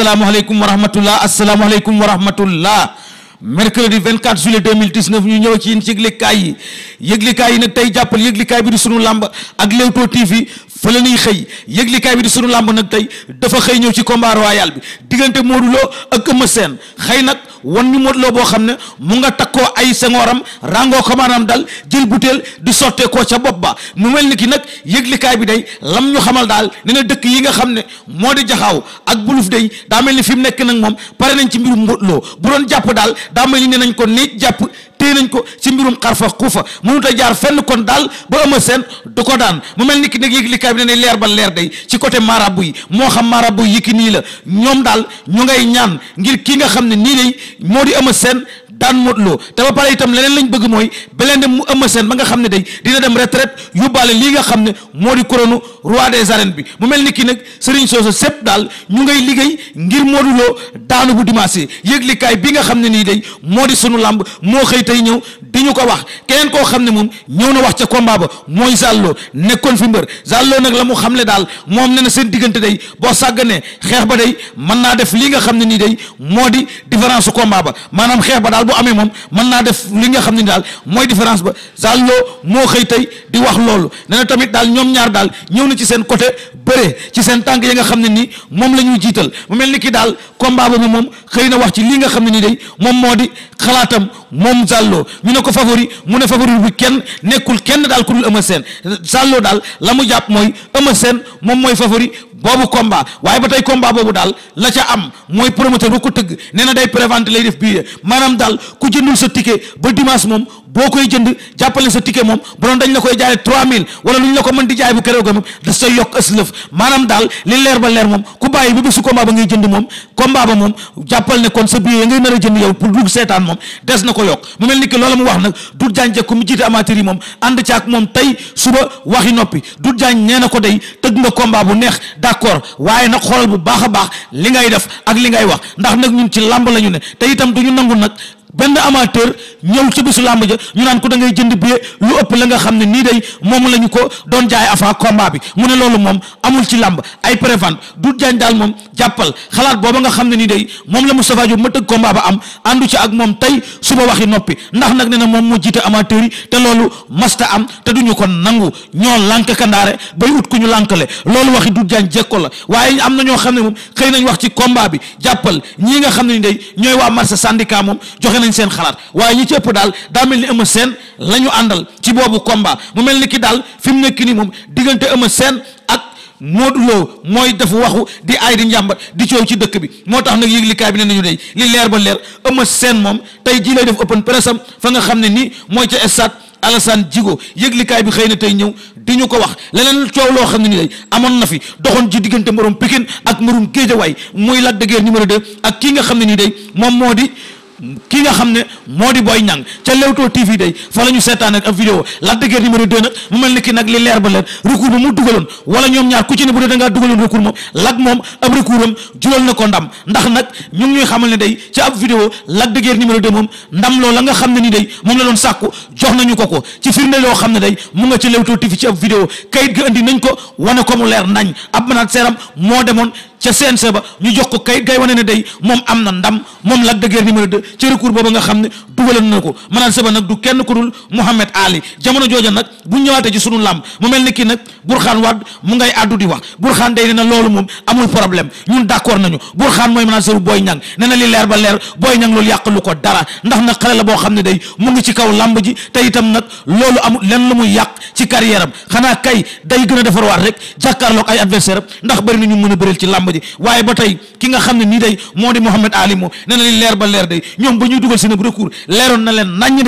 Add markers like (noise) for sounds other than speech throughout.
asalaamaaleykum wa rahmatullah asalaamaaleykum wa rahmatullah mercredi 24 juillet 2019 ñu ñëw ci yéen ci yëglikaay yi yëglikaay yi nag tey jàppal yëglikaay bi di sunu làmb ak Leewtoo TV fa la ñuy xëy kaay bi di sunu làmb nag tey dafa xëy ñëw ci combat royal bi diggante Modou loo ak Eumeu seen xëy nag wan ñu Modou Lo boo xam ne mu nga takkoo ay sengooram ràngoo ko dal jël butéel di sottee koo ca bopp ba mu mel ni ki nag yëglikaay bi day lam ñu xamal daal ne na dëkk yi nga xam ne moo di jaxaaw ak buluf day daa mel ni fi mu nekk nag moom pare nañ ci mbirum Modou Lo bu doon jàpp daal daa mel ni ne nañ ko nit jàpp téye nañ ko ci mbirum xarfa xuufa mënut a jaar fenn kon daal ba ëma seen du ko daan mu mel ni ki nag yëg likaay bi ne leer ba leer dey ci côté marabu yi moo xam marabu yi ki nii la ñoom daal ñu ngay ñaan ngir kii nga xam ne nii lay moo di ëma seen daan Modou loo te ba pare itam leneen lañ bëgg mooy beleen dem mu ëmma seen ba nga xam ne day dina dem retraite yóbbaale lii nga xam ne moo di couronne roi des arènes bi mu mel ni kii nag Serigne Soso sépp daal ñu ngay liggéey ngir Modou Lo daanu bu dimanche yëglikaay bi nga xam ne nii day moo di sunu làmb moo xëy tey ñëw di ñu ko wax keneen koo xam ne moom ñëw na wax ca combat ba mooy Zallo nekkoon fi mbër Zallo nag la mu ne daal moom ne na seen diggante day boo sàgganee xeex ba day mën naa def lii nga xam ne nii day moo di différence su maanaam xeex ba bu amee moom mën naa def li nga xam ne daal mooy différence ba Zale moo xëy tey di wax loolu nee tamit daal ñoom ñaar daal ñëw na ci seen côté bëre ci seen tànk yi nga xam ne nii moom la ñuy jiital mu mel ni ki daal combat boobu moom xëy na wax ci li nga xam ne nii day moom moo di xalaatam moom Zale Lo ne ko favori mu ne favori bi kenn nekkul kenn daal ku dul Eumeu Sène Zale daal la mu jàpp mooy Eumeu Sène moom mooy favori boobu combat waaye ba tey combat boobu daal la ca am mooy promoteur ba ko tëgg nee na day prévente lay def biir maanaam daal ku jëndul sa ticket ba dimanche moom boo koy jënd jàppale sa ticket moom bu dañ la koy jaay trois mille wala lu ñu la ko mën di jaay bu keroog moom da sa yokk aslëf maanaam daal li leer ba leer moom ku bàyyi ba bésu combat ba ngay jënd moom combat ba moom jàppal ne kon sa billet ya ngay nar a jënd yow pour dugg seetaan moom des na ko yokk mu mel ni que loolu mu wax nag Doudou Diagne Diecko mu jiite amateur yi moom ànd caak moom tey suba waxi noppi Doudou Diagne nee na ko day tëgg nga combat bu neex d'accord waaye nag xoolal bu baax a baax li ngay def ak li ngay wax ndax nag ñun ci làmb la ñu ne te itam du ñu nangu nag benn amateur ñëw ci bisu làmb ja ñu naan ko da ngay jënd bee lu ëpp la nga xam ne nii day moom la ñu ko doon jaay avant combat bi mu ne loolu moom amul ci làmb ay prévente du jaañ daal moom jàppal xalaat booba nga xam ne nii day moom la Moustapha Diop ma tëgg combat ba am àndu ci ak moom tey suba waxi noppi ndax nag nee na moo jiite amateur te loolu masta am te duñu ko nangu ñoo lànk kandaare bay ut ku ñu lànkale loolu waxi du jaañ jekko la waaye am na ñoo xam ne xëy nañ wax ci combat bi jàppal ñii nga xam ne day ñooy waa marché syndicat moom joxe nañ seen xalaat waaye ñi ci ëpp daal daa mel ni Eumeu Sène la ñu àndal ci boobu combat mu mel ni ki daal fi nekk nii moom diggante Eumeu Sène ak Modou Lo mooy dafa waxu di aay di njàmbat di coow ci dëkk bi moo tax nag yëglikaay bi ne nañu dey li leer ba leer Eumeu seen moom tey jii lay def open press am fa nga xam ne nii mooy ca stade Alassane Djigo yëglikaay bi xëy na tey ñëw di ñu ko wax leneen coow loo xam ne ni day amoon na fi doxoon ci diggante moroom Pikine ak moroom Géejawaay muy Lac de Guiers numéro 2 ak nga xam ne kii nga xam ne moo di Boy Niang ca Leewtoo TV day fa la ñu seetaan ak ab vidéo Lac de Guiers numéro 2 nag mu mel ni ki nag li leer ba leer recours ba mu dugaloon wala ñoom ñaar ku ci ne bu dee da ngaa dugaloon recours moom Lac moom ab recours am jural na ko ndam ndax nag ñu ngi ñuy xamal ne day ci ab vidéo Lac de Guiers numéro 2 ndam loo la nga xam ne nii day moom la doon sàkku jox nañu ko ko ci firnde loo xam ne day mu nga ci Leewtoo TV ci ab vidéo kayit ga indi nañ ko wane ko mu leer nañ ab manaat seeram moo demoon ca CNG ba ñu jox ko kay kay wane ne day moom am na ndam moom Lac de Guiers numéro 2 ci recours booba nga xam ne dugaloon na ko maanaam sëba nag du kenn ko dul Mouhamed Ali jamono jooja nag bu ñëwaatee ci sunu làmb mu mel ni kii nag Bourkhane waa mu ngay àddu di wax Bourkhane day ne na loolu moom amul problème ñun d'accord nañu Bourkhane mooy maanaam sëru booy Niang ne na li leer ba leer Boy Niang loolu yàqalu ko dara ndax nag xale la boo xam ne day mu ngi ci kaw làmb ji te itam nag loolu amul lenn lu muy yàq ci carrière am xanaa kay day gën a defarwaat rek jàkkaarloog ay adversaire am ndax bëri na ñu mën a bëril ci làmb làmb ji waaye ba tey ki nga xam ne nii day moo di Mouhamed Ali moom nee na li leer ba leer day ñoom ba ñuy dugal seen recours leeroon na leen naññ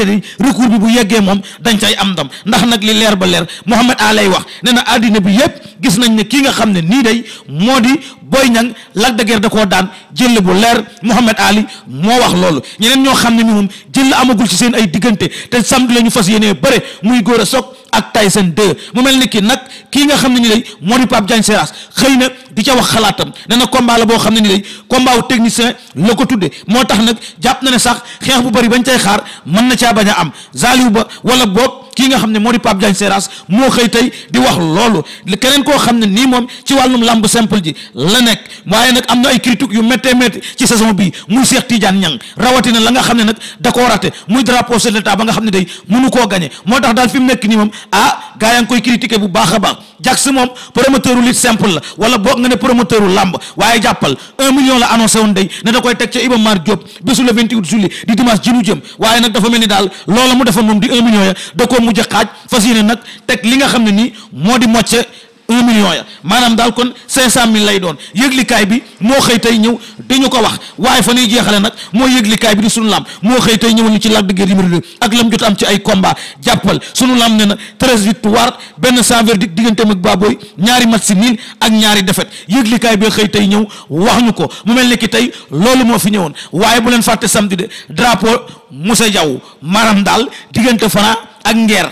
ba na àddina bi yépp gis nga xam ne nii day moo di Boy Niang Lac de Guiers da koo daan jël bu leer Mouhamed Ali moo wax loolu ñeneen ñoo xam ne mi moom jël amagul ci seen ay diggante te samedi la ñu fas yéenee bëre muy góor a soog ak Tyson 2 mu mel ni ki nag kii nga xam ne ñu day moo di Pape Diagne Seras xëy na di ca wax xalaatam nee na la boo xam ne ni day combat wu technicien la ko tudde moo tax nag jàpp na ne sax xeex bu bari bañ cay xaar mën na caa bañ a am zaaliw ba wala boog kii nga xam ne moo di Pape Diagne Seras moo xëy tey di wax loolu keneen koo xam ne nii moom ci wàllum lamb simple ji la nekk waaye nag am na ay critiques yu méttee métti ci saison bii muy Cheikh Tidiane Niang rawatina la nga xam ne nag da koo raté muy drapeau de l'État ba nga xam ne day mënu koo gagné moo tax daal fi nekk nii moom ah gaa koy critiqué bu baax baax Jax moom promoteur u lutte simple la wala boog nga ne promoteur u lamb waaye jàppal un million la annoncé woon day ne da koy teg ca Iba Mar Diop bésu le 28 juillet di dimanche ji dafa mel ni daal loola mujj xaaj fas yéene nag teg li nga xam ne nii moo di mocce un million ya maanaam daal kon cinq cent mille lay doon yëglikaay bi moo xëy tey ñëw dañu ko wax waaye fa ñuy jeexale nag moo yëglikaay bi di sunu lam moo xëy tey ñëwal ñu ci Lac de Guiers numéro 2 ak lam jot am ci ay combat jàppal sunu lam ne na treize victoire benn sans verdict digganteem ak Baboy ñaari match si nil ak ñaari défaite yëglikaay bi xëy tey ñëw wax ñu ko mu mel ni ki tey loolu moo fi ñëwoon waaye bu leen fàtte samedi de drapeau Moussa Diaw maanaam daal diggante ak ngeer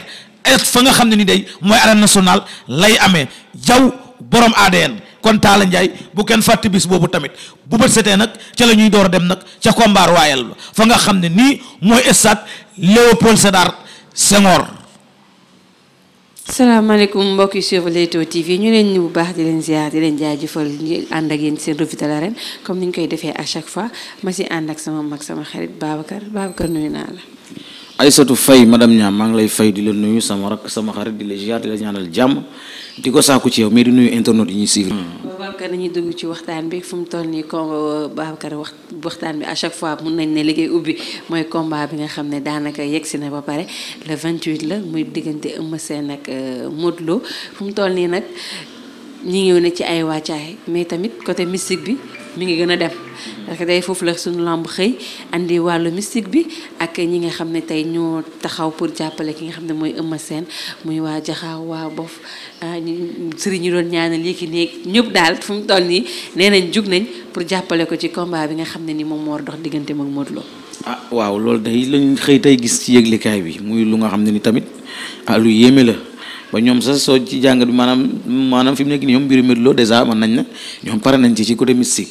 et fa nga xam ne ni day mooy arène nationale lay amee jaw borom ADN kon taala Ndiaye bu kenn fàtte bis boobu tamit bu bët setee nag ca la ñuy door a dem nag ca combat royal ba fa nga xam ne nii mooy stade Léopold Sédar Senghor. salaamaaleykum mbokk yi sur Leewtoo TV ñu leen ñu bu baax di leen ziar di leen jaajëfal ñu ànd ak yéen seen revue de l'arène comme ni ñu koy defee à chaque fois ma si ànd ak sama mag sama xarit Babacar Babacar ay Aysatu Fay madame Niang maa ngi lay fay di la nuyu sama rak sama xarit di la ziar di jàmm di ko saaku ci yow mais di nuyu internet yi ñuy suivre. Babacar dañuy dugg ci waxtaan bi fu toll nii Congo euh, Babacar wax waxtaan bi à chaque fois mun nañ ne liggéey ubbi mooy combat bi nga xam ne daanaka yegg si na ba pare le 28 la muy diggante Eumeu Sène ak euh, Modou Lo fu mu toll nii nag ñi ngi ne ci ay wàccaay mais tamit côté mystique bi. mi ngi gën a dem parce que tey foofu la suñu lamb xëy andi wàllu mystique bi ak ñi nga xam ne tey ñoo taxaw pour jàppale ki nga xam ne mooy Eumeu Sène muy waa jaxaaw waa bof ah, sëriñ ñu doon ñaanal yi ki néeg ñëpp daal fu mu toll nii nee nañ nañ pour jàppale ko ci combat bi nga xam ne ni moom moo dox diggante mag Modou Lo ah waaw loolu day lañ xëy tey gis ci yëglikaay bi muy lu nga xam ne ni tamit ah lu yéeme la ba ñoom sax soo ci jàngat bi maanaam maanaam fi mu nekk nii ñoom mbiru Modou Lo dèjà mën nañ na ñoom pare nañ ci ci côté mystique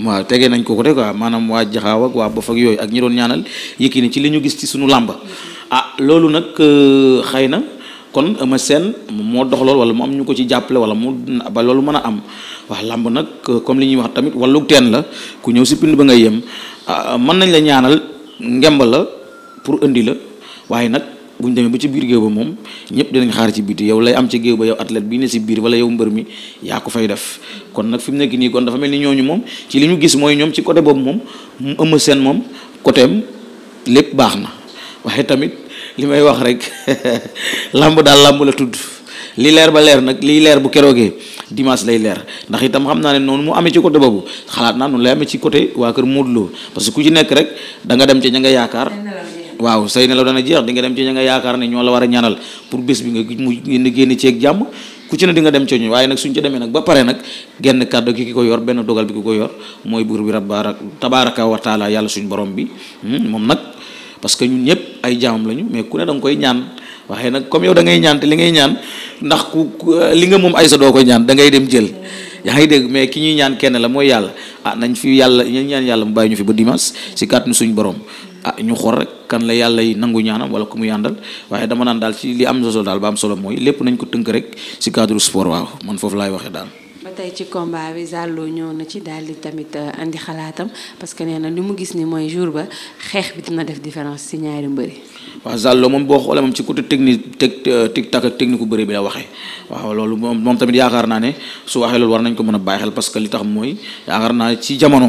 waaw tegee nañ ko côté quoi maanaam waa jaxaaw ak waa bof ak yooyu ak ñi doon ñaanal Yékini ci li ñu gis ci suñu làmb ah loolu nag euh, xëy na kon Eumeu Sène moo dox lool wala mu am ñu ko ci jàppale wala mu ba loolu mën a am wax làmb nag comme li ñuy wax tamit wàllu teen la ku ñëw si pind ba nga yem ah, mën nañ la ñaanal ngemb la pour indi la waaye nag bu ñu demee ba ci biir géew ba moom ñëpp dinañ xaar ci biti yow lay am ci géew ba yow athlète bi ne si biir wala yow mbër mi yaa ko fay def kon nag fi mu nekk nii kon dafa mel ni ñooñu moom ci li ñu gis mooy ñoom ci côté boobu moom mu ëmm seen moom côté am lépp baax na waaye tamit li may wax rek (laughs) làmb daal làmb la tudd li leer ba leer nag liy leer bu keroogee dimanche lay leer ndax itam xam naa ne noonu mu amee ci côté boobu xalaat naa noonu lay amee waa kër Modou waaw say nelaw dana jeex di nga dem ci ña nga yaakaar ne ñoo la war a ñaanal pour bés bi nga mu génn ceeg jàmm ku ci ne di nga dem ci ñu waaye nag suñ ci demee nag ba pare nag genn kàddu ki ki ko yor benn dogal bi ki ko yor mooy buur bi rabbaara tabaraka wa taala yàlla suñ borom bi hmm, moom nag parce que ñun ñëpp ay jaam lañu mais ku ne da nga koy ñaan waxee nag comme yow da ngay ñaan te li ngay ñaan ndax ku li nga moom ay sa doo koy ñaan da ngay dem jël yaa ngi dégg mais ki ñuy ñaan kenn la mooy yàlla ah nañ fi yàlla ñu ñaan yàlla mu bàyyi ñu fi ba dimanche si kàttanu suñ borom ah ñu xor kan la yàlla yi nangu ñaanam wala ku mu yàndal waaye dama naan daal ci li am solo daal ba am solo mooy lépp nañ ko tënk rek ci cadre sport waaw man foofu laay waxee daal. ba tey ci combat bi Zallo ñëw na ci daal di a euh, andi xalaatam parce que li mu gis ni mooy jour ba xeex bi dina def différence ci ñaari mbëri. waaw Zallo moom boo xoolee moom ci côté technique euh, technique bu bi la waxee waaw loolu moom tamit yaakaar naa ne su waxee loolu war nañ ko a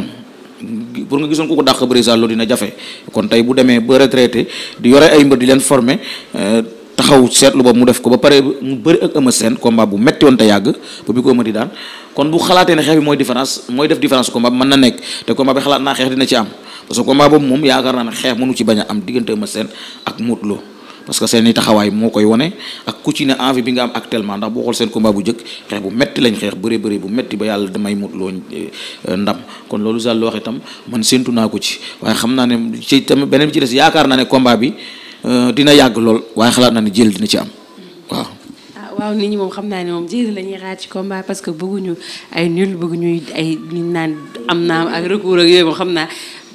pour nga gisoon ku ko dàq bëri sax loolu dina jafe kon tey bu demee ba retraité di yore ay mbër di leen forme euh, taxaw seetlu boobu mu def ko ba pare mu bëri ak Eumeu Sène combat bu metti woon te yàgg ba bi ko Eumeu di daan kon bu xalaatee ne xeex bi mooy différence mooy def différence combat bi mën na nekk te combat bi xalaat naa xeex dina ci am parce que boobu moom yaakaar naa ne xeex mënu ci bañ am diggante Eumeu Sène ak Modou Lo parce que seen i taxawaay moo koy wane ak ku ci ne envie bi nga am actuellement ndax boo xool seen combat bu njëkk xeex bu metti lañ xeex bëree bëri bu metti ba yàlla damay mut loo euh, ndam kon loolu Zal wax itam man séntu naa ko ci waaye xam naa ne ci itam beneen bi ci des yaakaar naa ne komba bi euh, dina yàgg lool waaye xalaat na ne jël dina ci am waaw. Ah, waaw nit ñi moom xam naa ne moom jël la xaar ci combat parce que bëgguñu ay nul bëgguñu ay naan am naa a recours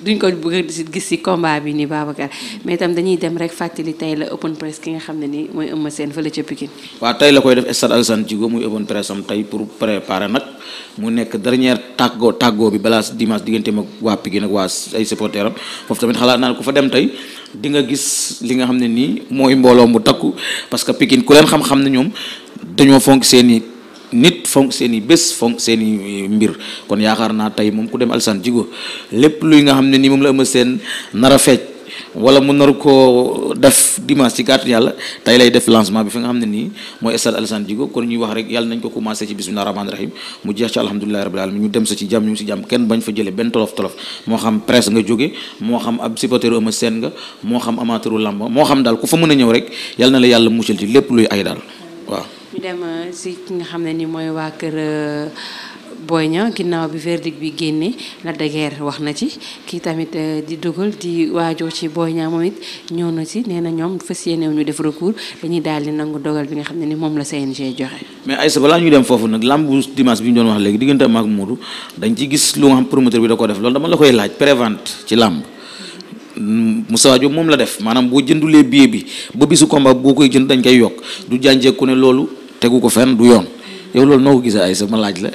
duñ ko bëgg a gis si combat bi nii Babacar mais itam dañuy dem rek fàttali tey la open press ki nga xam ne nii mooy Eumeu Sène fële la koy def stade Alassane Djigo muy open press am tey pour préparer nag tàggoo tàggoo bi balaa dimanche digganteem ak waa Pikine ak waa naa ku fa dem tey di nga gis li nga xam ne nii mooy mbooloo mu takku parce que Pikine ku leen xam-xam ne ñoom dañoo fonk seen nit fonk seen i bés fonk seen i eh, mbir kon yaakaar naa tey moom ku dem alsan jigo lépp luy nga xam ne nii moom la ëma seen nar wala mu nar koo def dimanche yàlla tey lay def bi fi nga xam ne nii mooy stade Alassane kon ñuy wax rek yàlla nañ ko commencé ci bismillah rahmaani rahim mu jeex ci alhamdulillahi rabbil alamin dem sa ci jàmm ñu ngi si jàmm kenn bañ fa jële benn tolof tolof moo xam presse nga jóge moo xam ab supporteru ama seen nga moo xam amateuru làmb moo xam daal ku fa mën a ñëw rek yàlla na la yàlla muccal ci lépp luy ay daal dem euh, si nga xam ne ni mooy waa kër euh, Boy Niang ginnaaw bi verdict bi génne la degeer wax na ci kii tamit euh, di dugal di waajoo ci Boy Niang moom it ñëw na ci nee na ñoom fas yéene ñu def recours dañuy daal di nangu dogal bi nga xam ne ni moom la CNG joxe. mais Aïssa balaa ñuy dem foofu nag lamb bu dimanche bi ñu doon wax léegi diggante ak Modou dañ ci gis lu nga xam promoteur bi da ko def loolu dama la koy laaj prévente ci lamb. Moussa Diop moom la def maanaam boo jëndulee billet bi ba bisu combat boo koy jënd dañ koy yokk tegu ko fenn du yoon yow loolu noo ko gisee ay sa laaj la.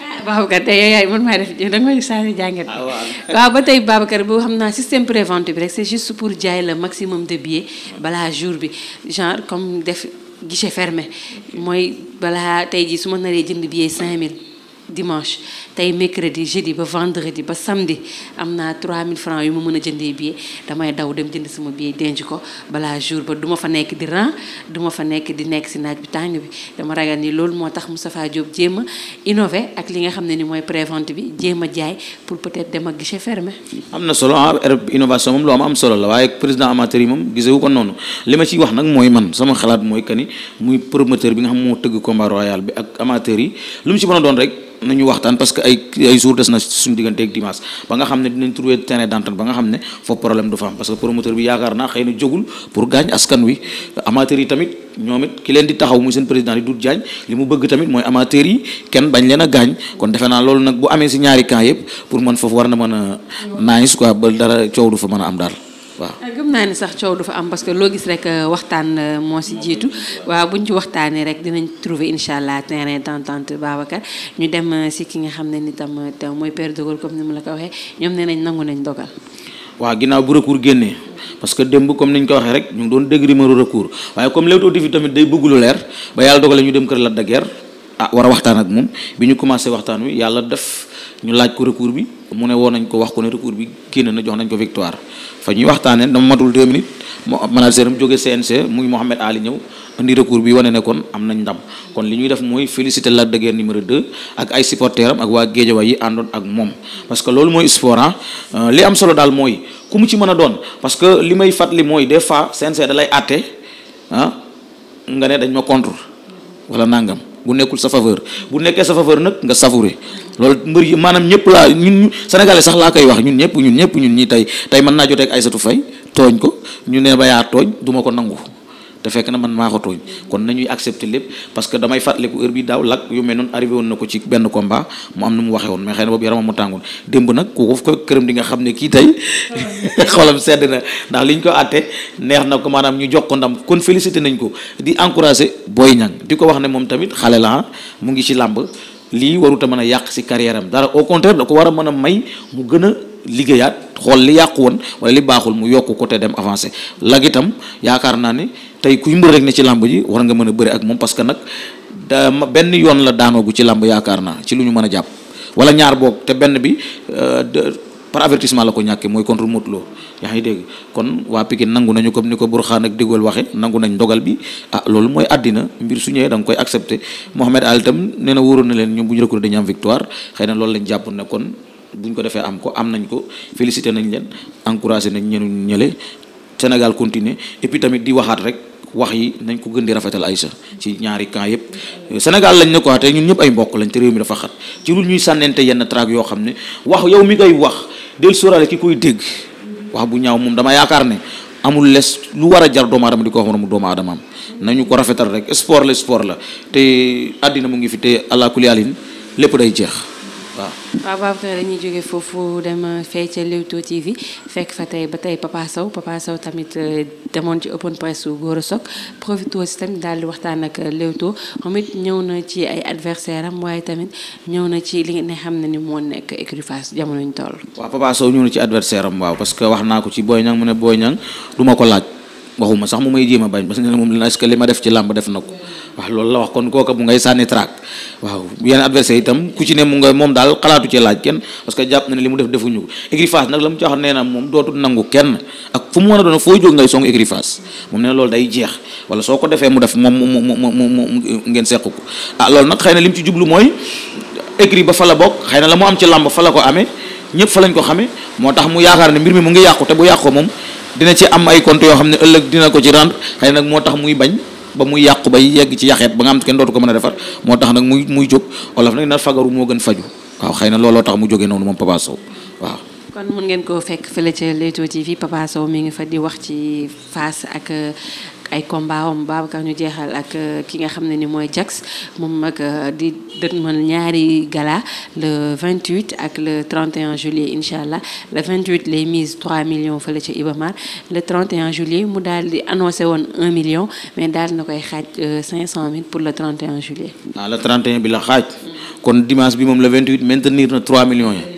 Ah, Babacar tey yaay man maa def da nga may saani jàngat ah, waaw ba tey Babacar boo xam naa système préventif bi rek c'est juste pour jaay le maximum de billets balaa jour bi genre comme def guichet fermé mooy balaa tey jii su ma naree jënd billet mille dimanche. tey mercredi jeudi ba vendredi ba samedi am naa 3000 francs yu ma mën a jëndee billet damay daw dem jënd sama billet denc ko balaa jour ba du ma fa nekk di ran du ma fa nekk di nekk si naaj bi tàng bi dama ragal ni loolu moo tax Moustapha Diop jéem a innové ak li nga xam ne ni mooy prévente bi jéem a jaay pour peut-être dem ak guichet fermé. am na solo ah er, innovation moom lu am am solo la waaye président amateur yi moom gisewu ko noonu li ma ciy wax nag mooy man sama xalaat mooy que ni muy promoteur bi nga xam moo tëgg combat royal bi ak amateur yi lu mu ci mën a doon rek nañu ay ay jour des na suñu diggante ak ba nga xam ne dinañ trouver terrain d'entente ba nga xam ne foofu problème du fa am parce que promoteur bi yaakaar naa xëy na pour gaañ askan wi amateur yi tamit ñoom it ki leen di taxaw muy seen président di Doudou Diagne li mu bëgg tamit mooy amateur yi kenn bañ leen a gaañ kon defe naa loolu nag bu amee si ñaari camp yëpp pour man foofu war na mën a nice quoi ba dara coow du fa mën a am daal waaw. Euh, gëm naa ni sax coow du fa am parce que loo gis rek euh, waxtaan euh, moo si jiitu waaw buñ ci waxtaanee rek dinañ trouver incha allah terrain d'entente Babacar ñu dem si ki nga xam ne ni tam mooy père de Gaulle comme ni mu la ko waxee ñoom nee nañ nangu nañ dogal. waaw ginnaaw bu recours génnee parce que démb comme ñu ko waxee rek ñu ngi doon dégg numéro recours waaye comme Leewtoo TV tamit day bëgg lu leer ba yàlla dogale ñu dem kër Lac de Guiers ah war a waxtaan ak moom ñu commencé waxtaan wi yàlla def. ñu laaj ko recours bi mu ne woo nañ ko wax ko ne recours bi génn na jox nañ ko victoire fa ñuy waxtaanee dama matul deux minutes mo manager am jóge CNC muy Mohamed Ali ñëw indi recours bi wane ne kon am nañ ndam kon li ñuy def mooy féliciter la de Guiers numéro 2 ak ay supporters ak waa Guédiawaye yi àndoon ak moom parce que loolu mooy sport ah. euh, li am solo daal mooy ku mu ci mën a doon parce que li may fàttali mooy des fois CNC da lay àtte ah, nga ne dañ ma contre wala nangam bu nekkul sa faveur bu nekkee sa faveur nag nga savourer loolu mbër yi maanaam ñëpp laa ñun sénégalais sax laa koy wax ñun ñëpp ñun ñëpp ñun ñi tey tey man naa jotee ak Aïssatou Faye tooñ ko ñu ne bayaa yaa tooñ duma ko nangu te fekk na man maa ko tooñ kon nañuy accepter lépp parce que damay fàttaliku heure bi daaw lak yu mel noonu arrivé woon na ko ci benn combat mu am nu mu waxee woon mais xëy na boobu yaramam nga xam ne kii tey (laughs) xolam sedd na ndax liñ ko àtte neex na ko ñu jox kon félicité nañ ko di encouragé Boy Niang di ko wax ne moom tamit xale la mu ngi ci làmb lii warut a mën a yàq si carrière am dara au contraire da ko war a mën a may mu gën liggéeyaat xool li yàqu woon wala li baaxul mu yokk ko te dem avancé lag itam yaakaar naa ne tey kuy mbër rek na ci làmb ji war nga mën a bëri ak moom parce que nag da benn yoon la daanoogu ci làmb yaakaar naa ci lu ñu mën a jàpp wala ñaar boog te benn bi euh, par avertissement la ko ñàkkee mooy contre Modou Lo yaa ngi dégg kon waa Pikine nangu nañu comme ni ko Burxaan ak Dégol waxe nangu nañ ndogal bi ah loolu mooy àddina mbir su ñëwee da koy accepté Mohamed Ali tam nee waroon na leen ñoom bu ñu reculer dañu am victoire xëy na loolu lañ jàpp ne kon buñ ko defee am ko am nañ ko félicité nañ leen encouragé nañ ñenu ñële Sénégal continuer et tamit di waxaat rek wax yi nañ ko gën di rafetal ay sa ci ñaari kan yëpp euh, Sénégal lañ ne quoi te ñun ñëpp ay mbokk lañ te réew mi dafa xat ci lu ñuy sànnente yenn traag yoo xam ne wax yow mi koy wax del sóoraale ki koy dégg wax bu ñaaw moom dama yaakaar ne amul les lu war a jar doomu aadama di ko wax moromu doomu aadamaam nañu ko rafetal rek sport la sport la te àddina mu ngi fi te àlla lépp day jeex waaw. waaw Babacar dañuy jóge foofu dem euh, fay ca Leewtoo TV fekk fa tey ba tey Papa Sow Papa Sow tamit euh, demoon ci open press su Gora Sock profité si tamit daal di waxtaan ak euh, Leewtoo moom it ñëw na ci ay adversaire am waaye tamit ñëw na ci li nga xam ne ni moo nekk écurie Fass jamono ñu toll. waaw Papa Sow ñëw na ci adversaire waaw parce que wax naa ko ci booy Niang mu ne Boy Niang du ma ko laaj waxuma sax mu may jéem a bañ parce que moom li ma def ci làmb def na ko. waaw loolu la wax kon kooka mu ngay sànni traak waaw yenn adversaire itam ku ci ne mu nga moom daal xalaatu ci laaj kenn parce que jàpp na ne li mu def defuñu ko écurie Fass nag la mu ci wax nee na moom dootul nangu kenn ak a doon foo jeex wala soo ko defee mu def moom mu mu mu ngeen seq ko ah, loolu nag xëy na li mu ci jublu mooy écurie ba fa la xëy na la mu am ci làmb fa la ko amee ñëpp fa lañ ko xamee moo tax mu yaakaar ne mbir mi mu ngi yàqu te bu yàqoo moom dina ci am ay compte yoo xam ne ëllëg dina ko ci rendre xëy nag moo tax muy bañ ba muy yàqu bay yegg ci yaxeet ba nga xam kenn dootu ko mën a defar moo tax nag muy muy jóg olof nag na fagaru moo gën faju waaw xëy na looloo tax mu jógee noonu moom Papa Sow waaw. kon mun ngeen koo fekk fële ca Leewtoo TV Papa Sow mi ngi fa di wax ci face ak. ay combat am ka ñu jeexal ak euh, ki nga xam ne ni mooy Jax moom mag euh, di dëtmal ñaari gala le 28 ak le 31 juillet incha allah le 28 les mise 3 millions fële ca Ibamar le 31 mu daal di annoncé woon 1 million mais daal na koy xaaj 500 euh, 000 pour le 31 juillet. ah le 31 bi la xaaj. kon dimanche bi moom le 28 maintenir na 3 millions yi.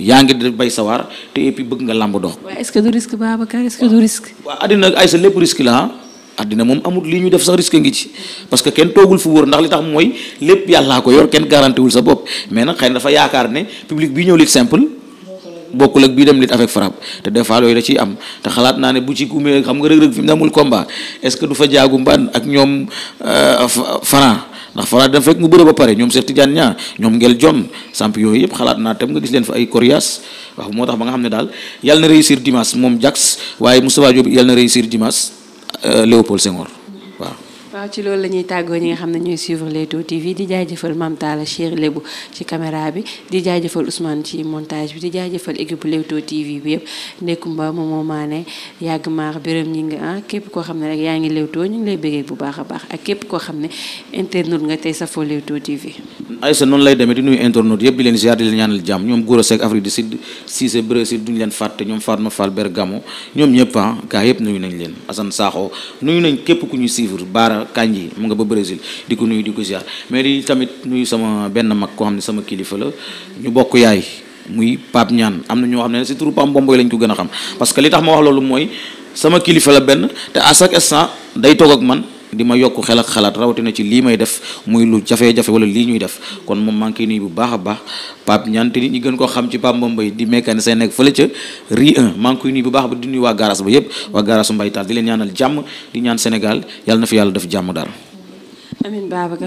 yaa ngi di bay sawar te et bëgg nga làmb dox. addina ay sa lépp risque la ah. addina moom amul li ñu def sax risque ngi ci parce que kenn toogul fu wóor ndax li tax mooy lépp yàllaa ko yor kenn garanti sa bopp mais nag dafa yaakaar ne public bi ñëw lit simple. bokkul ak bii dem lit avec frappe te des fois yooyu da ciy am te xalaat naa ne bu ci guumee xam nga rëg-rëg fi mu amul combat est-ce que du fa jaagu mbaan ak ñoom euh, Franc. ndax fara da fekk mu bëre ba pare ñoom Cheikh Tidiane ñaar ñoom ngel jon samp yooyu yëpp xalaat naa tam nga gis leen fa ay coriace waaw moo tax ba nga xam ne daal yàlla na réussir dimanche moom Jax waaye Moustapha Diop yàlla na réussir dimanche euh, Léopold Senghor waaw ci loolu la ñuy tàggoo ñi nga xam ne ñooy suivre Leewtoo TV di jaajëfal Mame Talla Cheikh Lebou ci caméra bi di jaajëfal Ousmane ci montage bi di jaajëfal équipe Leewtoo TV bi yëpp ndekkumba moomoo maane yàgg maar béréb ñi nga ah képp koo xam ne rek yaa ngi Leewtoo ñu ngi lay bëggee bu baax koo xam ne internaute nga tey safoo Leewtoo TV Aïssa noonu lay di nuyu internaute yëpp di leen ziar di leen ñaanal jàmm ñoom Gora Seck Afrique du Sud ah, ku ñu suivre baara ak Kanji mu nga ba Brésil di ko nuyu di ko ziar mais di tamit nuyu sama benn mag koo xam ne sama kilifa la ñu bokk yaay muy Pape Ñaan am na ñoo xam ne si turu Pape Bomboy lañ ko gën a xam parce que li tax ma wax loolu mooy sama kilifa la benn te à chaque instant day toog ak man di ma yokk xel ak xalaat rawatina ci lii may def muy lu jafe-jafe wala lii ñuy def kon moom maa ngi bu baax a baax Pape Niane te nit ñi gën koo xam ci Pape Mbambay di mécanicien nekk fële ca ri 1 maa ngi koy nuyu bu baax ba di nuyu waa garage ba yépp waa garage Mbaye Tall di leen ñaanal jàmm di ñaan Sénégal yàlla na fi yàlla def jàmm daal amin baaba